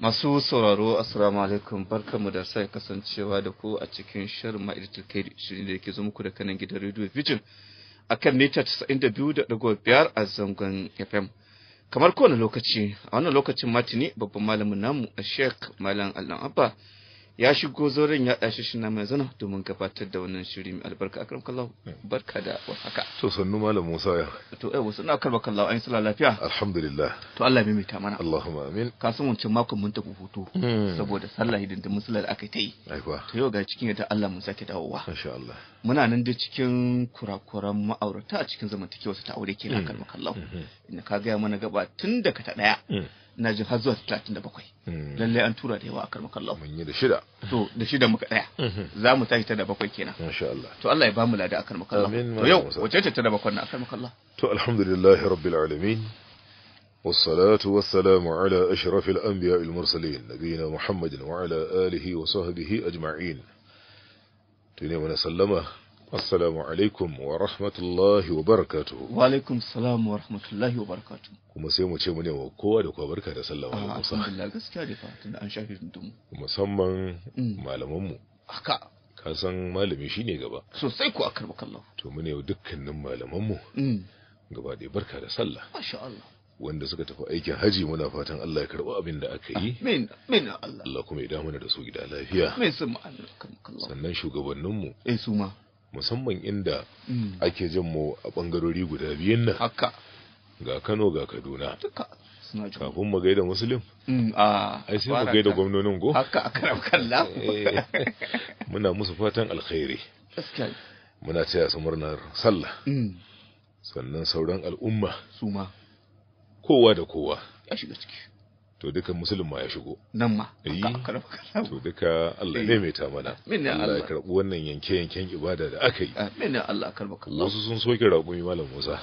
Masu sauraro Assalamu alaikum barkamu da sai kasancewa da ku a cikin shirin ma'aikatar kai shirin da yake muku da kanan gidan Radio Vision a kan mita 92.5 a zangon FM. Kamar kowane lokaci, a wannan lokacin matini babban malamin namu a Sheikh Malam Allah Abba ya shigo zoren ya dashi shi na mai zana domin gabatar da wannan shiri mai albarka akram kallahu barka da haka. to sannu malam musa ya to eh wasu na karba kallahu an sala lafiya alhamdulillah to Allah ya mita mana allahumma amin ka san wancan makon mun tafi hutu hmm. saboda sallah idan da musulal aka yi ta yi to yau ga cikin yadda Allah mun sake dawowa insha Allah muna nan da cikin kurakuran ma'aurata a cikin zamantakewa su ta aure kenan hmm. karba kallahu hmm. inda ka ga mana gaba tun daga ta daya na jin har zuwa 37 hmm. lallai an tura da yawa akan makallahu mun yi da shida to da shida muka daya hmm. za mu tashi ta da bakwai kenan insha Allah to Allah ya ba mu lada akan makallahu to yau wace ce ta da bakwai na akan makallahu to alhamdulillahi rabbil alamin والصلاة والسلام على أشرف الأنبياء المرسلين نبينا محمد وعلى آله وصحبه أجمعين تنيمنا سلمه Assalamu alaikum wa rahmatullahi wa barakatuhu. Wa alaikum salam wa rahmatullahi wa barakatuhu. Kuma sai mu ce mu ne wa kowa da kowa barka da sallama. Ah, alhamdulillah gaskiya da an shafe mu. Musamman mm. malaman mu. Haka. Ka san malami shi ne gaba. Sosai ku karba bakallahu. To mu wa dukkanin malaman mu. Mm. Gaba da barka da sallah. Masha Allah. Wanda suka tafi aikin haji muna fatan Allah ya karɓi abin da aka yi. Amin. Amin Allah. Allah kuma ya damu da su gida lafiya. Amin sun ma'ana. Sannan shugabanninmu. Eh su ma. musamman inda mm. ake jin mu a bangarori guda biyun nan haka ga Kano ga Kaduna kafin mu gaida musulun mm, ai sai mu gaida gwamnonin go haka a karam kalla eh, muna musu fatan alkhairi muna taya su murnar sallah mm. sannan sauran al'umma kowa da kowa to duka musulun ma ya shigo nan ma eh. to duka Allah ne mai ta mana Allah ya karbu wannan yanke yanken ibada da aka yi amin ya Allah karbaka wasu sun soke raƙumi malam Musa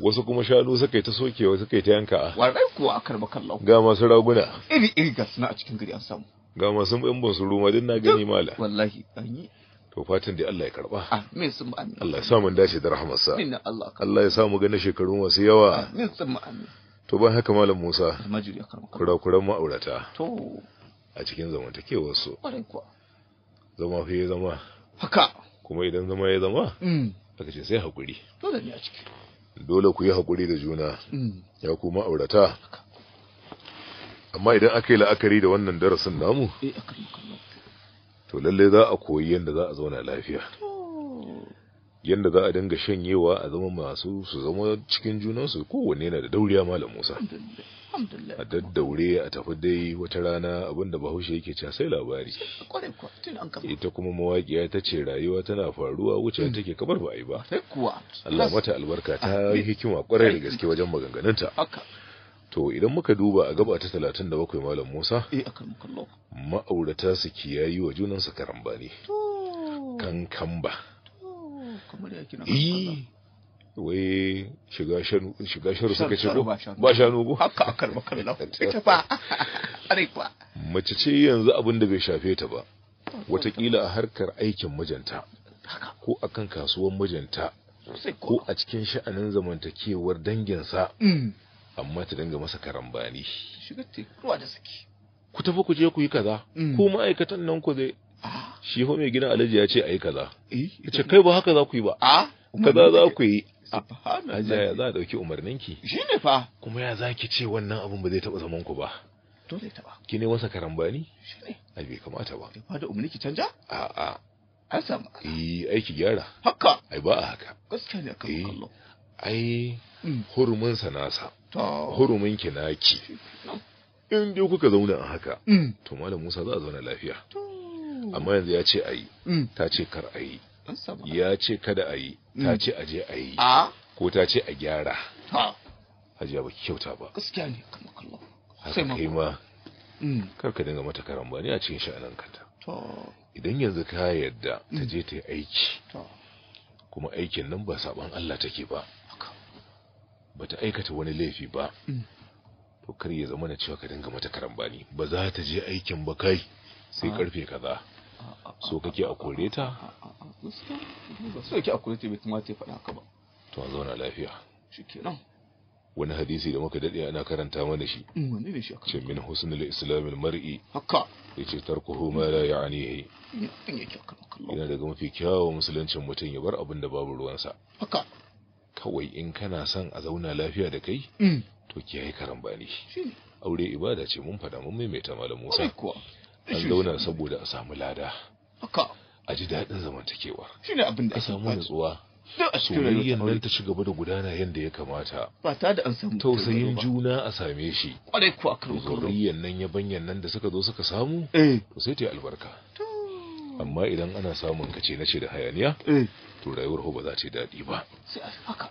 wasu kuma shanu suka yi ta sokewa suka yi ta yanka warai kuwa a karbaka Allah ga masu raguna iri iri ga suna a cikin gari an samu ga masu yan ban su ruma din na gani mala wallahi an to fatan da Allah ya karba amin sun amin Allah ya sa mun dace da rahmarsa amin Allah Allah ya sa mu ga na shekaru masu yawa amin sun amin to ban haka malam Musa kurakuran ma'aurata a cikin zamantakewar zama fi ya zama haka kuma idan zama ya zama mm. aka ce sai hakuri dole ne ku yi hakuri da juna mm. ya ku ma'aurata amma idan aka yi la'akari da wannan darasin namu eh, to lalle za a koyi yadda za a zauna lafiya Yanda za a dinga shanyewa a zama masu su zama cikin junansu kowanne yana da dauriya malam Musa a daddaure a tafi dai wata rana abinda bahaushe yake cewa sai labari ita kuma mawaƙiya ta ce rayuwa tana faruwa wuce hmm. take kamar ba a yi ba Allah mata albarka ta yi hikima kwarai da gaske wajen maganganunta to idan muka duba a gaba ta 37 malam Musa eh, ma'aurata su kiyayi wa junansu karambani kankamba kamar ya kina eh, wai shiga shanu shiga suka ce ko ba shanu ko haka makalla ita fa are fa mace ce yanzu abin da bai shafe ta ba watakila a harkar aikin mijinta ko akan kasuwar mijinta ko a cikin sha'anin zamantakewar danginsa mm. amma ta danga masa karambani shiga ruwa da saki ku tafi ku je ku yi kaza mm. ko ma'aikatan nan ku zai shi ho mai gidan alhaji ya ce a yi kaza eh, ya ce kai ba haka za ku yi ba ah, kaza za ku yi Ajiya ya za a ɗauki umarninki. Shi ne fa. Kuma ya za ki ce wannan abin ba zai taɓa zaman ku ba. Dole taɓa. Ki ne wasa karambani? Shi ne. Ai bai kamata ba. Ba da umarni ki canja? A'a. An samu. Yi eh, aiki gyara. Haka. Ai ba a haka. Gaskiya ne kan eh, kallo. ai mm. hurumin sa nasa hurumin ki naki in dai kuka zauna a haka mm. to malam Musa za a zauna lafiya amma yanzu ya ce a yi mm. ta ce kar a yi ya ce kada a yi ta mm. ce aje a yi ko ta ce a gyara hajiya ba kyauta ba gaskiya ne haka kai ma mm. kar ka dinga mata karan a cikin sha'anin idan yanzu ka yarda ta je ta yi aiki kuma aikin nan ba saban Allah take ba ba ta aikata wani laifi ba to kar ya zama na cewa ka dinga mata karambani ba za ta je aikin ba kai sai karfe kaza so kake a kore ta so kake a kore ta bai kuma ta faɗa haka ba to an zauna lafiya shikenan wani hadisi da muka dade ana karanta mana shi mm, wani ne shi aka ce min husnul islamil mar'i haka yace tarkuhu ma la ya'nihi yana daga mafi kyawun musuluncin mutum ya bar abin da babu ruwansa haka kawai in kana son a zauna lafiya da kai mm. to kiyaye karambani aure ibada ce mun fada mun maimaita malam Musa an zauna saboda a samu lada a ji daɗin zamantakewa shine abin da a samu nutsuwa soyayyar nan ta ci gaba da gudana yadda ya kamata ba ta da an samu tausayin juna a same shi kwarai kuwa kan zuriyar nan nan da suka zo suka samu eh. to sai ta yi albarka amma idan ana samun kace na ce da hayaniya eh. to rayuwar ba za ta yi daɗi ba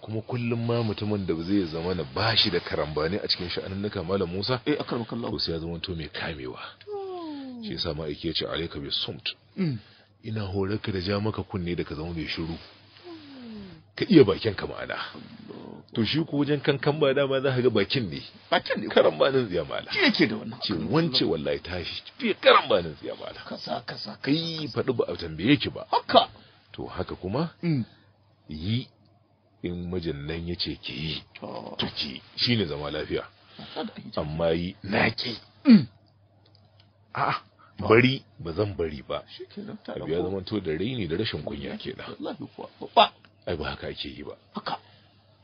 kuma kullum ma mutumin da zai zama na bashi da karambani a cikin sha'anin naka malam Musa eh to sai ya zama to mai kamewa shi yasa ma yake ce alayka bi sumt mm. ina horarka da ja maka kunne da ka zama mai shiru ka iya bakin ka ma'ana to shi ko wajen kankan ba dama za ka ga bakin ne bakin ne karan banin tsiya mala shi yake da wannan ce wance wallahi tashi fiye karan banin tsiya mala kasa kasa kai faɗi ba a tambaye ki ba haka to haka kuma mm. yi in mijin nan ya ce ki yi to ki ne zama lafiya amma yi naki mm. a'a bari ba zan bari ba abu ya zama to da raini da rashin kunya keɗa ai ba haka ake yi ba haka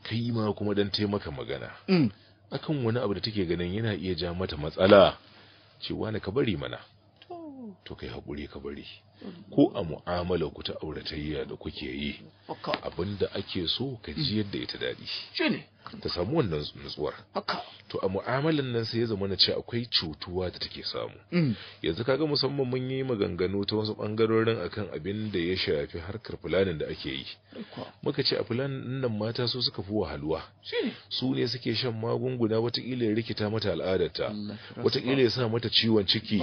kai ma kuma dan taimaka magana mm. akan wani abu da take ganin yana iya ja mata matsala cewa na ka bari mana to kai haƙuri ka bari ko a mu'amala ku ta auratayya da kuke yi abinda ake so ka ji mm. yadda ita daɗi ta samu wannan nutsuwar to a mu'amalan nan sai ya zama na ce akwai cutuwa da take samu mm. yanzu kaga musamman mun yi maganganu ta wasu bangarorin akan abin da ya shafi harkar fulanin da ake yi muka ce a fulanin nan mata su suka fi wahaluwa su ne suke shan magunguna watakila ya rikita mata al'adarta watakila ya sa mata ciwon ciki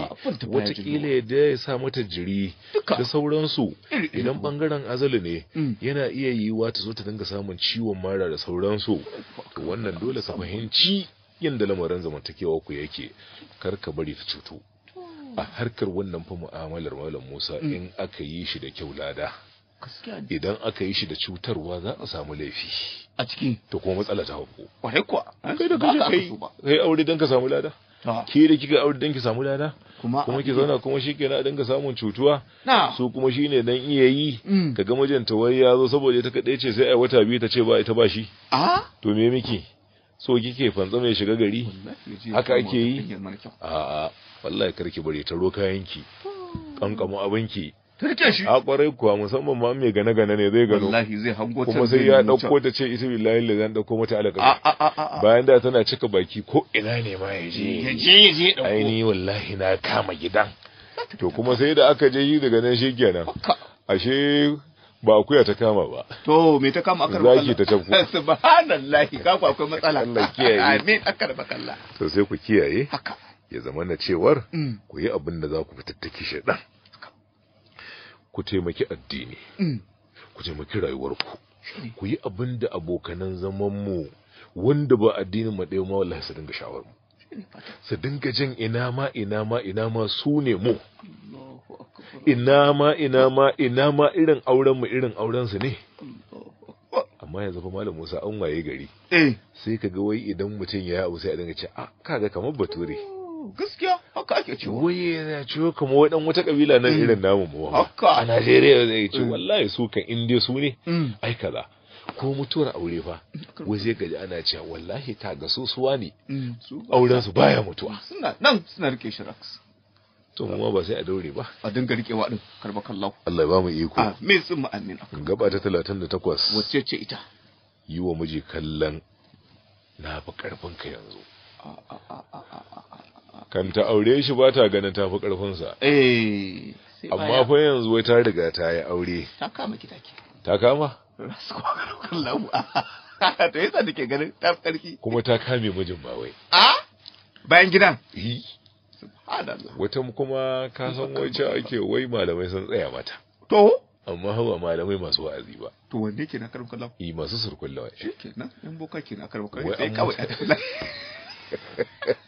watakila ya sa mata jiri da sauransu idan bangaren azali ne mm. yana iya yiwuwa ta zo ta dinga samun ciwon mara da sauransu to wannan dole su fahimci yadda lamarin zamantakewa ku yake kar ka bari ta cutu a harkar wannan fa mu'amalar malam Musa mm. in aka yi shi da kyau lada idan aka yi shi da cutarwa za a samu laifi a cikin to kuma matsala ta hauko kwarai Kwa kai da kai kai aure dan ka samu lada Ah. ki da kika aure dan ki samu lada kuma ki zauna kuma shikenan a dinga samun cutuwa su kuma shine dan iya yi mm. kaga mijinta wai ya zo saboda ita kadai ce sai ai wata biyu ta ce ba ita ba shi to me miki so kike fantsa mai shiga gari haka ake yi a'a wallahi karki bare ta ro kayanki kankamo abinki turke shi a kwarai kuwa musamman ma mai gane gane ne zai gano wallahi zai hango kuma sai ya dauko ta ce ita billahi la zan dauko mata alaka bayan da tana cika baki ko ina ne ma ya je ya je ya je dauko aini wallahi na kama gidan to kuma sai da aka je yi daga nan shi kenan ashe ba akuya ta kama ba to me ta kama akar ba ta ta tabku subhanallahi ka ku akwai matsala Allah kiyaye amin akar bakalla to sai ku kiyaye haka ya zama na cewar mm. ku yi abin da za ku fitattaki shaidan ku taimaki addini mm. ku taimaki rayuwarku ku yi abin da abokanan zaman mu wanda ba addinin mu ɗaya ma wallahi su dinga shawar mu su dinga jin ina ma ina ma ina ma su ne mu ina ma ina ma ina ma irin auren mu irin auren su ne amma yanzu fa malam Musa an waye gari eh. sai kaga wai idan mutum ya yi abu sai a dinga ce a ah, kaga kamar bature gaskiya haka ake ciwo Waye yana ciwo kamar wai dan wata kabila nan mm. irin namu mu haka a Najeriya zai ce eh, wallahi su kan indiya su ne mm. ai kaza ko mutuwar aure fa mm. wai zai gaji ana cewa wallahi ta ga sosuwa ne auren su baya mutuwa suna nan suna rike shi to mu ba sai a daure ba a dinga wa din karbakallahu Allah ya ba mu iko ah, sun mu amin gaba ta 38 wacce ce ita yi wa miji kallon na fi karfin ka yanzu ah, ah, kan ta aure shi ba ta ganin tafi ƙarfinsa. eh amma fa yanzu wai ta riga ta yi aure ta kama ki take ta kama rasuwa ga lokacin lamu to yasa nake ganin ta karfi kuma ta kame mijin ba wai a bayan gidan subhanallah wata kuma ka san wace ake wai malamai sun tsaya mata to amma hawa malamai masu wa'azi ba to wanne ke na karin kallon Eh masu surkun lawa Kenan in boka ke na karin kallon sai kawai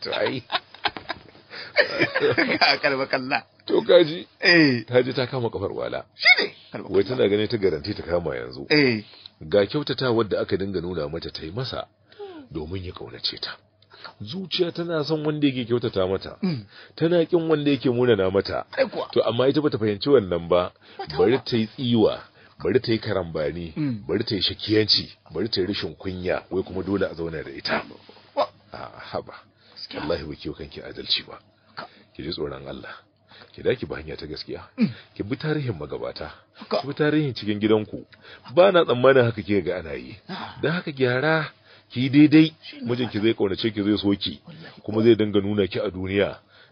Ta yi. to kaji ta eh. ji ta kama kafar wala shine wai tana ganin ta garanti ta kama yanzu eh ga kyautata wadda aka dinga nuna mata ta yi masa domin ya kaunace ta zuciya tana son wanda yake kyautata mata mm. tana kin wanda yake munana mata to amma ita bata fahimci wannan ba bari ta yi tsiwa bari ta yi karambani mm. bari ta yi shakiyanci bari ta yi rashin kunya wai kuma dole a zauna da ita haba wallahi ba kanki adalci ba ki ji tsoron Allah ki da ki ba hanya ta gaskiya mm. ki bi tarihin magabata ki bi tarihin cikin gidanku ba na tsammanin haka ke ga ana yi ah. dan haka gyara ki daidai mijinki zai kaunace ki zai so ki, kuma zai dinga nuna ki a duniya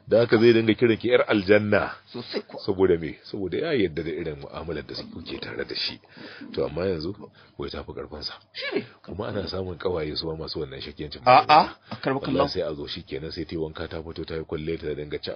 da haka zai dinga kiran ki yar aljanna saboda me saboda ya yadda da irin mu'amalar da ke tare da shi to amma yanzu wai ta fi karfin sa kuma ana samun kawaye su masu wannan shakiyancin a a karbakan Allah sai a zo shikenan sai ta wanka ta fito ta yi kwalle ta dinga ca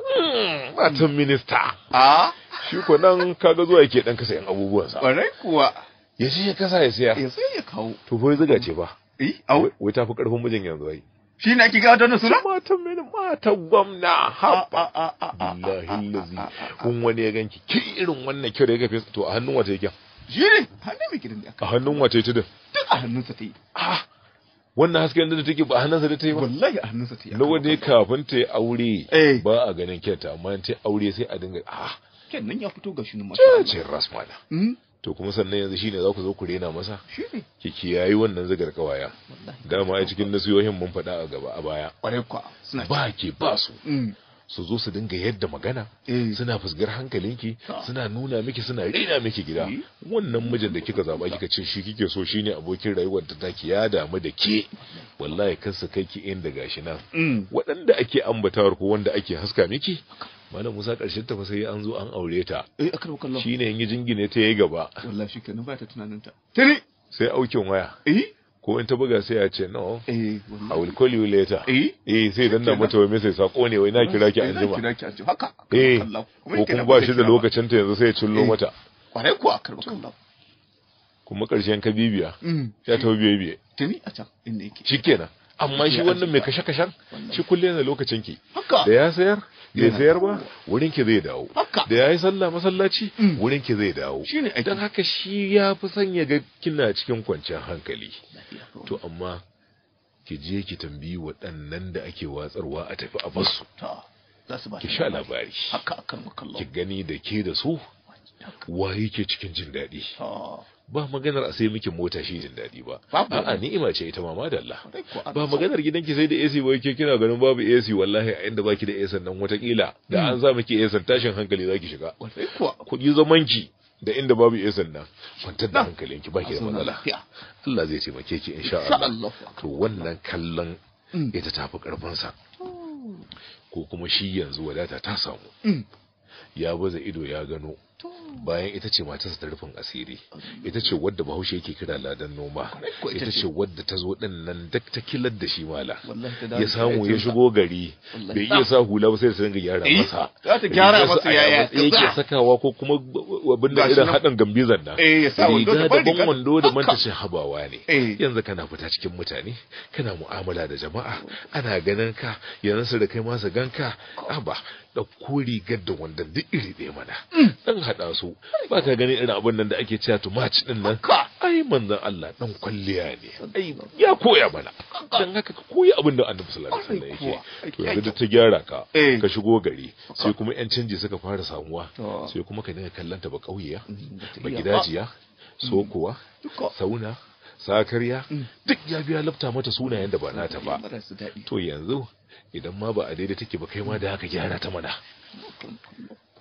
matan hmm. minista a shi ko nan kaga zuwa yake dan kasa yan abubuwan sa kwarai kuwa ya shi ya kasa ya siya ya sai ya kawo to bai zuga ce ba eh wai ta fi karfin mijin yanzu ai shi ne ake gawa wannan sura? matan mene matan gwamna haba billahi lazi kun wani ya ganki ki irin wannan kyau da ya gafe to a hannun wata yake shi ne hannun mai gidan da aka hannun wata yake din duk a hannunsa ta yi ah, wannan hasken da take ba a hannunsa da ta yi ba wallahi a hannunsa ta yi lokacin kafin ta yi aure eh. ba a ganin kyanta amma ta aure sai a dinga ah kenan ya fito ga shi ne masu ce ras rasmana hmm? to kuma sannan yanzu shine za ku zo ku rena masa ki yayi wannan zigar kawaya dama a cikin nasihohin mun faɗa a gaba a baya ba ke ba su mm. su zo su dinga yadda magana eh. suna fusgar hankalinki suna nuna miki suna rena miki gida eh. wannan mijin da kika zaba kika ce shi kike so shine abokin rayuwar ta taki ya damu da ke wallahi kansa kai ki inda gashi nan mm. waɗanda ake ambatawar ko wanda ake haska miki malam musa karshen ta fa sai an zo an aure ta Shi ne kallon shine yin jingine ta yi gaba wallahi kenan ba ta tunanin ta tiri sai aukin waya eh ko in ta buga sai ya ce no eh i will call you later eh eh sai danna mata wai message sako ne wai na kira ki eh, anjima kira ki anjima haka eh ko kuma ba shi da lokacin ta yanzu sai ya cillo eh, mata kwarai ko akar kuma karshen ka bibiya mm. ya ta biye biye tuni a can inda yake shikenan amma shi wannan mai kashe kashen shi kulle na lokacin ki da ya sayar da sayar wurin ki zai dawo da yayi sallah masallaci mm. wurin ki zai dawo dan haka shi ya fi sanya ga kina cikin kwanciyar hankali to amma ki je ki tambayi waɗannan da ake watsarwa a tafi a basu ki sha labari ki gani da ke da su waye ke cikin jin daɗi ba maganar a sai miki mota shi jin daɗi ba a'a ni'ima ce ita ma madalla ba maganar gidanki sai da AC ba yake kina ganin babu AC wallahi a inda baki da AC nan watakila da an za hmm. miki AC tashin hankali ki shiga kuɗi ki da inda babu AC nan kwantar da hankalinki baki da matsala Allah zai taimake ki insha Allah to wannan kallon hmm. ita tafi karfin sa hmm. ko kuma shi yanzu wadata ta samu ya baza ido ya gano bayan ita ce matarsa ta rufin asiri ita ce wadda bahaushe yake kira ladan noma ita ce wadda ta zo din nan duk ta kilar da shi mala ya samu ya shigo gari bai iya sa hula ba sai da dinga gyara eh, masa za ta gyara masa yaya yake sakawa ko kuma abin da irin hadan gambizan nan eh, riga da ban wando da mantashin habawa ne eh. yanzu kana fita cikin mutane kana mu'amala da jama'a ana ganin ka yanzu da kai masu ganka ba ɗauko rigar da wandan duk iri ɗaya mana dan mm. haɗa su ba ka gani irin abin nan da ake cewa tumaci ɗin nan ai manzon Allah ɗan kwalliya ne ya koya mana dan haka ka koyi abin da Annabi sallallahu alaihi wasallam yake to yanzu da ta gyara ka eh. ka shigo gari sai kuma yan canji suka fara samuwa sai kuma ka dinga kallanta ba kauye mm, ba gidajiya mm. Sokowa, sauna sakariya mm. duk ya biya lafta mata sunayen da ba nata ba to yanzu idan ma ba a daidai take ba kai ma da haka gyara ta mana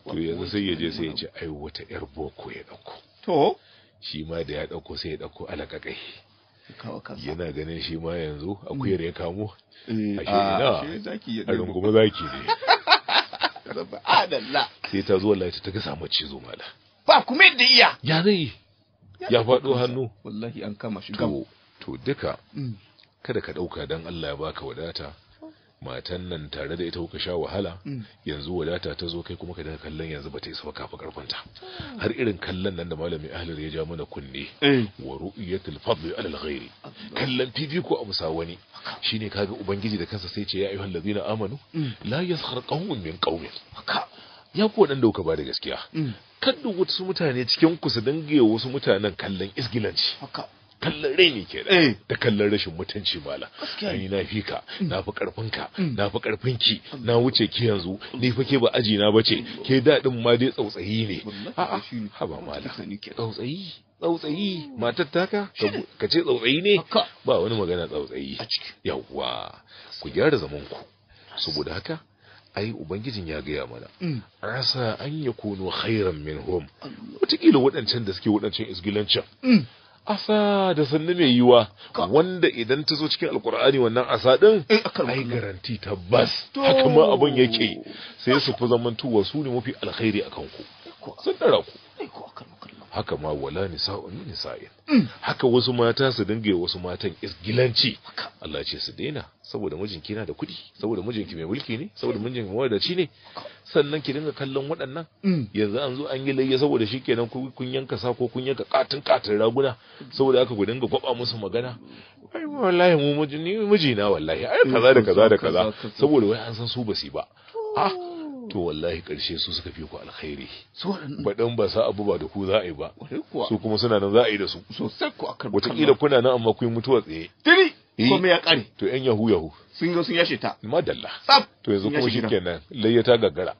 to yanzu sai ya je sai ya ce ai wata yar boko ya dauko to shi ma da ya dauko sai ya dauko alakakai yana ganin shi ma yanzu akuyar ya kamo mm. ah, a shi a rungume zaki ne sai ta zuwa lati ta ga samu cizo mala ba kuma yadda iya ya zai ya faɗo hannu wallahi an kama shi to to duka mm. kada ka ɗauka dan Allah ya baka wadata matan nan tare da ita kuka sha wahala mm. yanzu wadata ta zo kai kuma ka daga kallon yanzu ba ta isa ba kafa karfinta mm. har irin kallon nan da malami ahlir ya ja mana kunne eh. wa ru'yatul fadli ala alghairi kallon fifi ko abu sa wani shine kaga ubangiji da kansa sai ce ya ayyuhal ladina amanu la yaskhar qaumun min qawmin ya ku dan kuka ba da gaskiya kada wasu mutane cikin ku su dinga wasu mutanen kallon isgilanci kallon rai ne ke eh. da kallon rashin mutunci mala ni na fi ka mm. na fi karfin ka mm. na fi karfin ki na wuce ki yanzu ni fa ke ba aji na bace mm. ke dadin ma dai tsautsayi ne a'a ba mala tsautsayi tsautsayi matar taka ka ce tsautsayi ne ba wani magana tsautsayi yawwa ku gyara zaman ku saboda haka ai ubangijin ya gaya mana mm. rasa an ya kono khairan min hom. wataƙila waɗancan da suke waɗancan isgilancin mm. asa da sannu mai yiwa wanda idan ta zo cikin alkur'ani wannan asa din eh, ai garanti tabbas haka ma abin yake sai su fi zamantowa su ne mafi alkhairi akan ku sun haka ma wala nisa'un nisa'in mm. haka wasu mata su dinga wasu matan isgilanci Allah ce su daina saboda mijinki na da kudi saboda mijinki mai mulki ne saboda mijinki ci ne sannan ki dinga kallon waɗannan mm. yanzu an zo an yi layya saboda shikenan kun yanka sa ko kun yanka katin katin raguna saboda haka ku dinga gwaba musu magana ai wallahi mu ni mijina wallahi ai kaza da kaza da kaza saboda wai an san su ba su ba ah to wallahi karshe su suka fi ku alkhairi baɗan ba sa abu ba da ku za a yi ba su kuma suna nan za a yi da su wataƙila kuna nan amma yi mutuwa tsaye Eh, kome ya kare to yan yahu yahu sun zo sun yashe ta madalla tsaf to yanzu kuma shikenan layya ta gaggara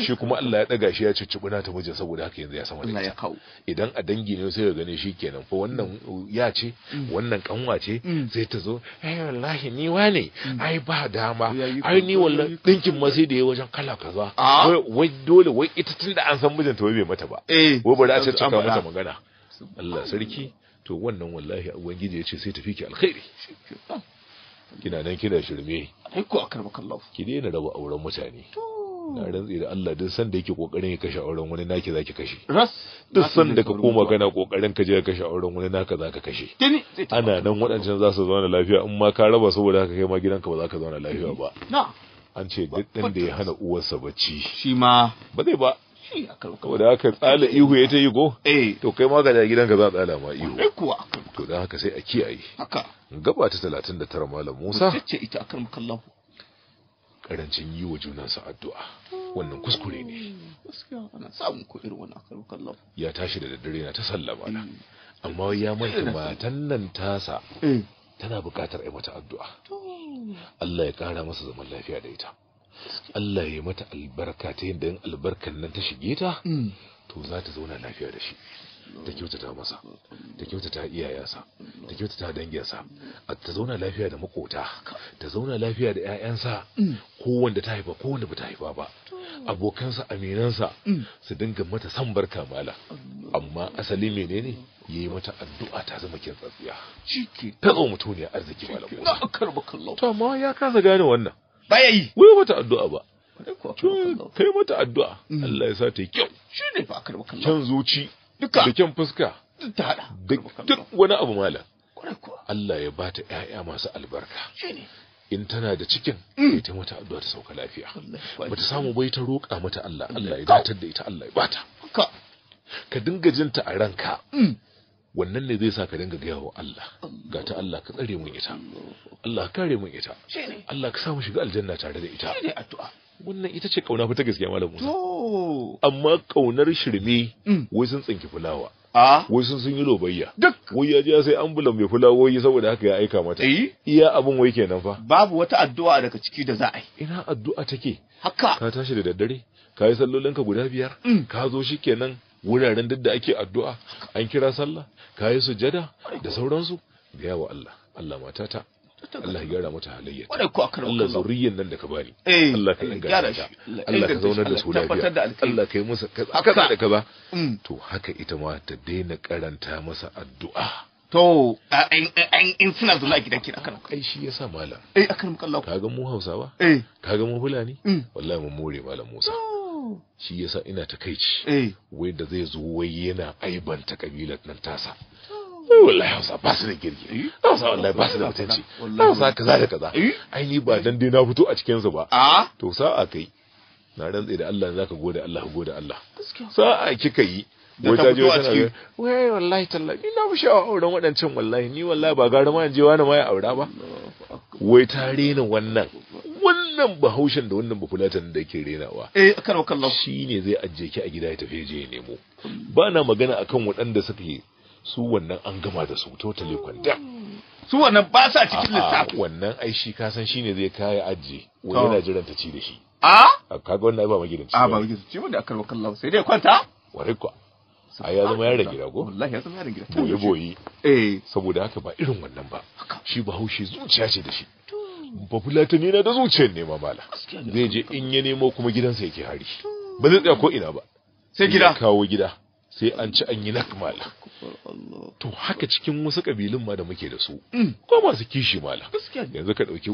shi kuma Allah ya daga shi ya cicci na ta mijin saboda haka yanzu ya sama Allah ya kawo idan a dangi ne sai ya gane shikenan fa wannan ya ce mm. wannan kanwa ce mm. sai ta zo eh wallahi ni wane mm. ai ba dama ai ni wallahi dinkin ma sai da ya wajen kala kaza wai dole wai ita tunda an san mijinta wai bai mata ba eh. wai bari a cicciba mata magana Allah sarki to wannan wallahi ubangiji ya ce sai tafi ki alkhairi kina nan kina shirme ai ko ki daina raba auren mutane na rantsi da Allah duk sanda yake kokarin ya kashe auren wani naki zaki kashe duk sanda ka koma kana kokarin ka je ka kashe auren wani naka zaka kashe ana nan waɗancan za su zauna lafiya in ma ka raba saboda haka kai ma gidanka ba za ka zauna lafiya ba an ce duk ɗan da ya hana uwarsa bacci shi ma ba zai ba saboda haka tsala ihu ya ta yi go eh. to kai ma ga gidanka za a tsala ma ihu to da haka sai a kiyaye gaba ta talatin da tara malam musa karancin yi wa junansa addu'a wannan kuskure ne hmm, ya tashi da daddare na ta sallama na eh. amma ya manta matan nan tasa eh. tana bukatar ai mata addu'a Allah ya kara masa zaman lafiya da ita Allah ya mata albarka ta yadda in albarkan nan ta shige ta mm. to za ta zauna lafiya da shi ta kyautata masa ta kyautata iyayensa ta kyautata danginsa a ta zauna lafiya da makota ta zauna lafiya da 'ya'yansa mm. ko wanda ta haifa ko wanda ba ta haifa ba abokansa aminansa mm. su dinga mata san barka mala amma asali menene yayi mata addu'a ta zama kin tsatsiya shike ta zo mutune arziki mala ta amma ya kasa gane wannan baya yi wai mata addu'a ba kai mata addu'a mm. Allah ya sa ta yi kyau ne fa kallon zuci da kyan fuska ta duk wani abu malam Allah ya ba ta 'ya'ya masu albarka in tana da cikin mm. ta mata addu'a ta sauka lafiya bata samu bai ta roƙa mata Allah Allah ya datar da ita Allah ya bata ka dinga jinta a ranka mm. wannan ne zai sa ka dinga gaya wa Allah ga ta Allah ka tsare mun ita Allah ka kare mun ita Allah ka sa mu shiga aljanna tare da ita wannan ita ce kauna fa ta gaskiya malam Musa amma kaunar shirme mm. wai sun tsinki fulawa a wai sun yi lobayya duk wai ya je sai ambulan mai fulawoyi saboda haka ya aika mata eh iya abin wai kenan fa babu wata addu'a daga ciki da za a yi ina addu'a take haka ka tashi da daddare ka yi ka guda biyar mm. ka zo shi kenan wuraren duk da ake addu'a an kira sallah ka yi sujada da sauransu "Gaya wa Allah Allah matata Allah ya gyara mata halayya Allah zuriyyan nan da ka bani eh, Allah ka inganta Allah ka zaunar da su lafiya Allah ka yi musu kaza da ba. Mm. to haka ita ma ta daina karanta masa addu'a to in suna zuwa a gidan kina kan kai shi yasa malam eh akan kallahu kaga mu Hausawa eh kaga mu Fulani mm. wallahi mun more malam Musa shi yasa ina ci. eh wai da zai zo wai yana aibanta kabilar nan tasa wallahi hausa ba su da girki eh? hausa wallahi ba su da mutunci hausa kaza da kaza eh? ai ni ba dan na fito a cikin ba to sa'a kai na rantsa da Allah zaka gode Allah gode Allah sa'a kika yi wai ta gara ma je wani ma ya aura rena wannan bahaushen da wannan bafulatan da yake renawa eh karo kallon shine zai ajiye ki a gida ya tafi je ya nemo ba na magana akan waɗanda suka yi. su wannan an gama da su totally kwanta su wannan ba sa cikin lissafi wannan ai shi ka san shine zai kaya aji wai yana jiran ta ci da shi a kaga wannan ba magidanci a ba mun wanda aka karba kallon sai dai kwanta wari ko ai ya zama yaran gida ko wallahi ya zama yaran gida boye boye eh saboda haka ba irin wannan ba shi bahaushe zuciya ce da shi ne na da zuciyar nema bala. zai je in ya nemo kuma gidansa yake hari ba zai tsaya ko ina ba sai gida kawo gida sai an ci an yi nak to haka cikin wasu kabilun ma da muke da su mm. ko masu kishi mala yanzu ka dauki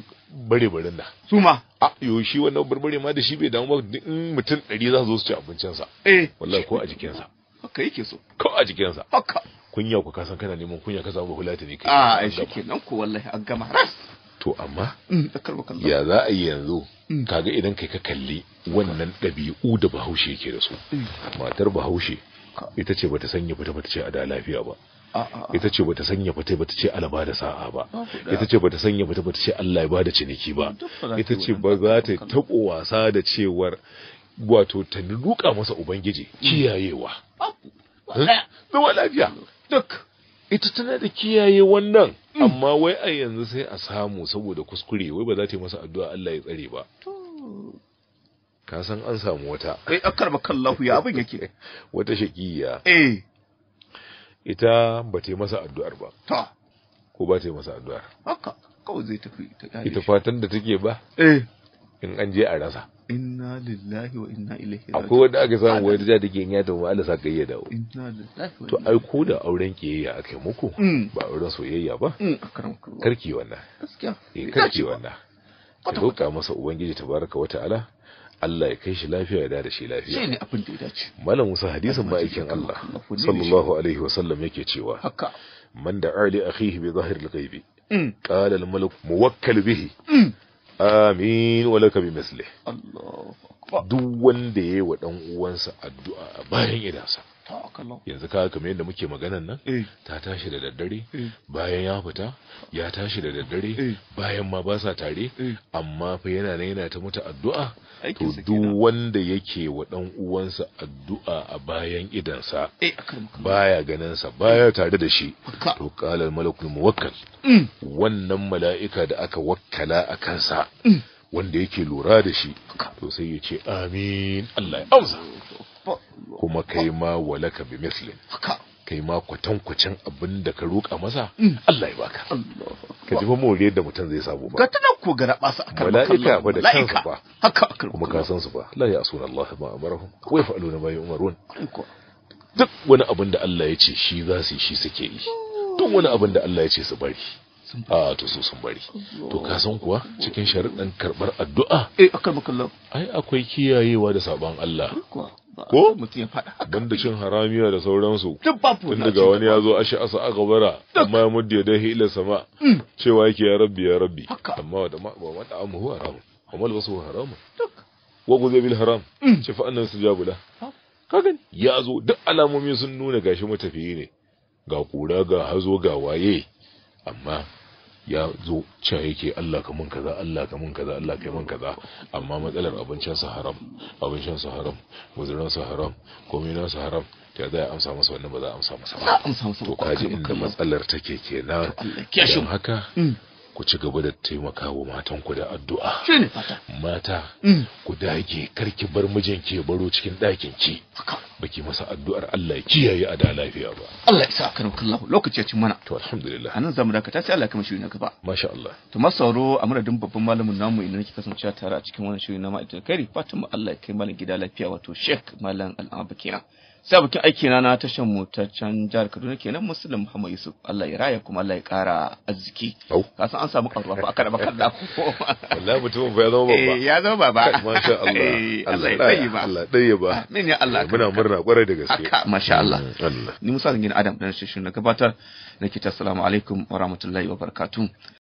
bare barin nan su ma a yo shi wannan barbare ma da shi bai damu ba in mutum 100 za su zo su ci abincin sa eh wallahi ko a jikin sa haka yake so ko a jikin sa haka kunya ku kasan kana neman kunya ka samu hulata ne kai a ai shikenan ko wallahi an gama ras to amma mm, ya za a yi yanzu mm. kaga idan kai ka kalli wannan ɗabi'u da bahaushe ke da su matar bahaushe ita ce bata sanya fita bata ce a da lafiya ba ita ce bata sanya fita bata ce alaba da sa'a ba ita ce bata sanya fita bata ce Allah ya bada ciniki ba ita ce ba za ta taɓo wasa da cewar wato ta luka masa ubangiji mm. kiyayewa hmm? wa lafiya duk ita tana da kiyaye wannan mm. amma wai a yanzu sai a samu saboda kuskure wai ba za ta yi masa addu'a Allah ya tsare ba ka san an samu wata ai akkar akar makallahu ya abin yake wata shakiyya eh ita ba ta yi masa addu'ar ba ta ko ba ta yi masa addu'ar haka kawai zai tafi ta ita fatan da take ba eh in an je a rasa inna lillahi wa inna ilaihi raji'un akwai wanda aka samu wani da take yin yata wa Allah saka ya dawo inna lillahi to ai ko da auren kiyayya akai muku mm. ba auren soyayya ba mm, karki wannan gaskiya eh karki wannan ka roƙa masa ubangiji tabaraka wa ta'ala Allah ya kai shi lafiya ya da shi lafiya shi ne abin da ya dace malam Musa hadisin ma'aikin Allah sallallahu alaihi wa sallam yake cewa haka man da ali akhihi bi zahir al mm. qala al-malik muwakkal bihi mm. amin wa laka bi Allahu akbar duk wanda yayi wa dan uwansa addu'a a bayan idansa yanzu kawai kamar yadda muke maganan nan eh. ta tashi da daddare eh. bayan ya fita ya tashi da daddare eh. bayan ma ba sa tare amma fa yana nan yana ta mata addu'a to duk wanda yake wa dan uwansa addu'a a bayan idansa baya ganin sa baya tare da shi to qalal malakul muwakkal mm. wannan mala'ika da aka wakkala a kansa mm. wanda yake lura da shi to sai ya ce amin Allah ya amsa oh, oh, oh. kuma kai ma walaka bi mislin kai ma kwatankwacin abin da ka roƙa masa mm. Allah ya baka ka ji fa da mutum zai sabo ba ga tana ko ga raba su akan mala'ika ba da kansu ba haka kuma ka san su ba la ya asuna Allah ma amarahum wa yaf'aluna ma yu'marun duk wani abin da Allah ya ce shi za su yi shi suke yi duk wani abin da Allah ya ce su bari a ah, to su sun bari to ka san kuwa cikin sharuɗin karɓar addu'a eh akan makallan ai akwai kiyayewa da sabon Allah eh, ko mutum ya faɗa banda cin haramiya da sauransu tun daga wani ya zo ashi asa aka bara amma ya mudde da ila sama mm. cewa yake ya rabbi ya rabbi amma da ma ba wata amma huwa haramu amma basu haramu wa guze bil haram mm. ce fa annan su jabula ka ya zo duk alamomi sun nuna gashi matafiyi ne ga kura ga hazo ga waye amma ya zo cewa yake Allah ka mun kaza Allah ka mun kaza Allah ka mun kaza amma matsalar abincin sa haram abincin sa haram guzurin sa haram komai na su haram ta za a amsa masa wannan ba za a amsa masa ba to kaji inda matsalar take kenan kishin haka mm. ku ci gaba da taimaka wa matanku da addu'a mata mm. ku dage karki bar mijinki ya baro cikin ɗakin ki baki masa addu'ar Allah ya kiyaye a da lafiya ba Allah ya sa kan kallahu lokaci ya cin mana to alhamdulillah anan zamu dakata sai Allah ya kama shiri na ba. masha Allah to masauro a madadin babban malamin namu inda nake kasancewa tare a cikin wannan shiri na ma'aikatan kari fatan mu Allah ya kai mana gida lafiya wato Sheikh Malam Al-Abakina sai abokin aiki na tashan motaccen jihar Kaduna kenan Muslim Muhammad Yusuf Allah ya raya kuma Allah ya kara arziki ka san an samu karuwa ba kada baka da ko wallahi mutum ba ya zama ba eh, ya zama baba masha Allah eh, Allah ya dai ba Allah dai ba Min ya Allah muna murna kwarai da gaske haka masha mm, Allah ni Musa Zangin Adam dan shi na gabatar nake ta assalamu alaikum wa rahmatullahi wa barakatuh